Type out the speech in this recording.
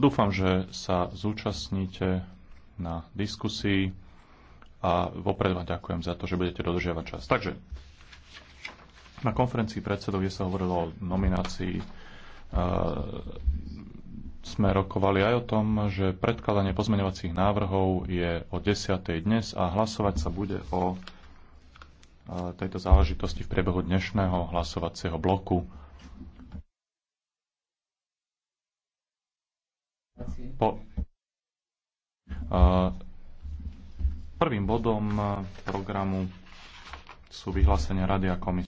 Dúfam, že sa zúčastníte na diskusii a vopred vám ďakujem za to, že budete dodržiavať čas. Takže, na konferencii predsedov, kde sa hovorilo o nominácii, uh, sme rokovali aj o tom, že predkladanie pozmeňovacích návrhov je o 10. dnes a hlasovať sa bude o e, tejto záležitosti v priebehu dnešného hlasovacieho bloku. po, prvým bodom eh, programu sú vyhlásenia Rady a komisie.